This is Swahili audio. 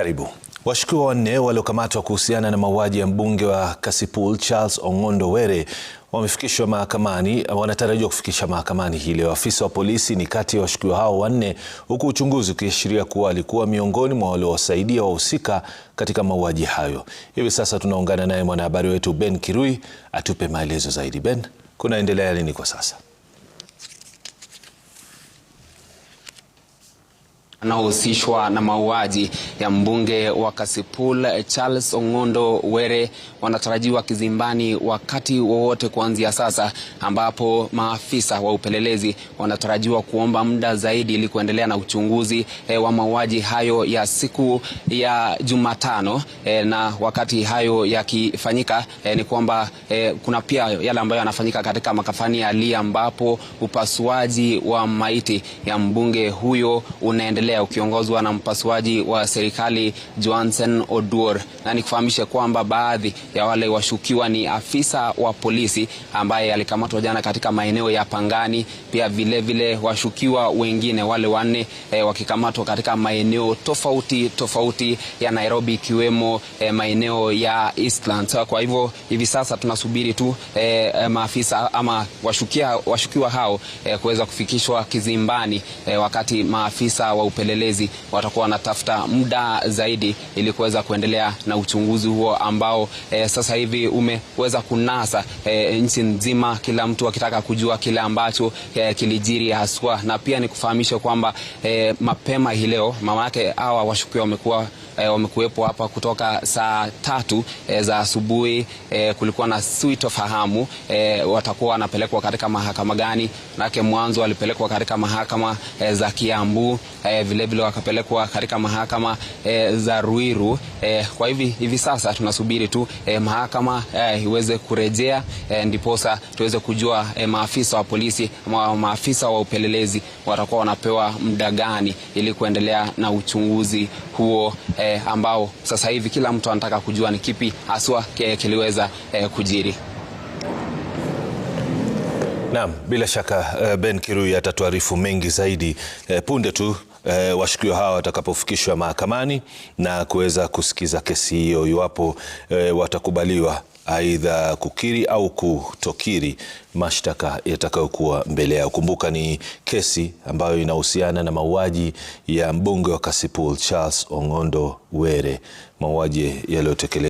Karibu. Washukiwa wanne waliokamatwa kuhusiana na mauaji ya mbunge wa Kasipul Charles Ong'ondo Were wamefikishwa mahakamani, wanatarajiwa kufikisha mahakamani hii leo. Afisa wa polisi ni kati ya washukiwa hao wanne, huku uchunguzi ukiashiria kuwa alikuwa miongoni mwa waliowasaidia wahusika katika mauaji hayo. Hivi sasa tunaungana naye mwanahabari wetu Ben Kirui atupe maelezo zaidi. Ben, kunaendelea nini kwa sasa? anaohusishwa na mauaji ya mbunge wa Kasipul Charles Ong'ondo Were wanatarajiwa kizimbani wakati wowote kuanzia sasa, ambapo maafisa wa upelelezi wanatarajiwa kuomba muda zaidi ili kuendelea na uchunguzi e, wa mauaji hayo ya siku ya Jumatano e, na wakati hayo yakifanyika e, ni kwamba e, kuna pia yale ambayo yanafanyika katika makafani ya Ali ambapo upasuaji wa maiti ya mbunge huyo unaendelea unaendelea ukiongozwa na mpasuaji wa serikali Johnson Oduor, na nikufahamishe kwamba baadhi ya wale washukiwa ni afisa wa polisi ambaye alikamatwa jana katika maeneo ya Pangani, pia vilevile vile washukiwa wengine wale wanne e, wakikamatwa katika maeneo tofauti tofauti ya Nairobi ikiwemo e, maeneo ya Eastlands. Kwa hivyo hivi sasa tunasubiri tu e, maafisa ama washukia, washukiwa hao e, kuweza kufikishwa kizimbani e, wakati maafisa wa wapelelezi watakuwa wanatafuta muda zaidi ili kuweza kuendelea na uchunguzi huo ambao e, sasa hivi umeweza kunasa e, nchi nzima, kila mtu akitaka kujua kile ambacho e, kilijiri haswa, na pia ni kufahamisha kwamba e, mapema hii leo mama yake hawa washukiwa wamekuwa e, wamekuwepo hapa kutoka saa tatu e, za asubuhi e, kulikuwa na sitofahamu e, watakuwa wanapelekwa katika mahakama gani, manake mwanzo walipelekwa katika mahakama e, za Kiambu e, vilevile wakapelekwa katika mahakama e, za Ruiru e, kwa hivi hivi sasa tunasubiri tu e, mahakama e, iweze kurejea e, ndiposa tuweze kujua e, maafisa wa polisi ma, maafisa wa upelelezi watakuwa wanapewa muda gani ili kuendelea na uchunguzi huo e, ambao sasa hivi kila mtu anataka kujua ni kipi haswa kiliweza e, kujiri. Naam, bila shaka Ben Kirui atatuarifu mengi zaidi punde tu e, washukiwa hawa watakapofikishwa mahakamani na kuweza kusikiza kesi hiyo, iwapo e, watakubaliwa aidha kukiri au kutokiri mashtaka yatakayokuwa mbele yao. Kumbuka ni kesi ambayo inahusiana na mauaji ya mbunge wa Kasipul Charles Ong'ondo Were, mauaji yaliyotekelezwa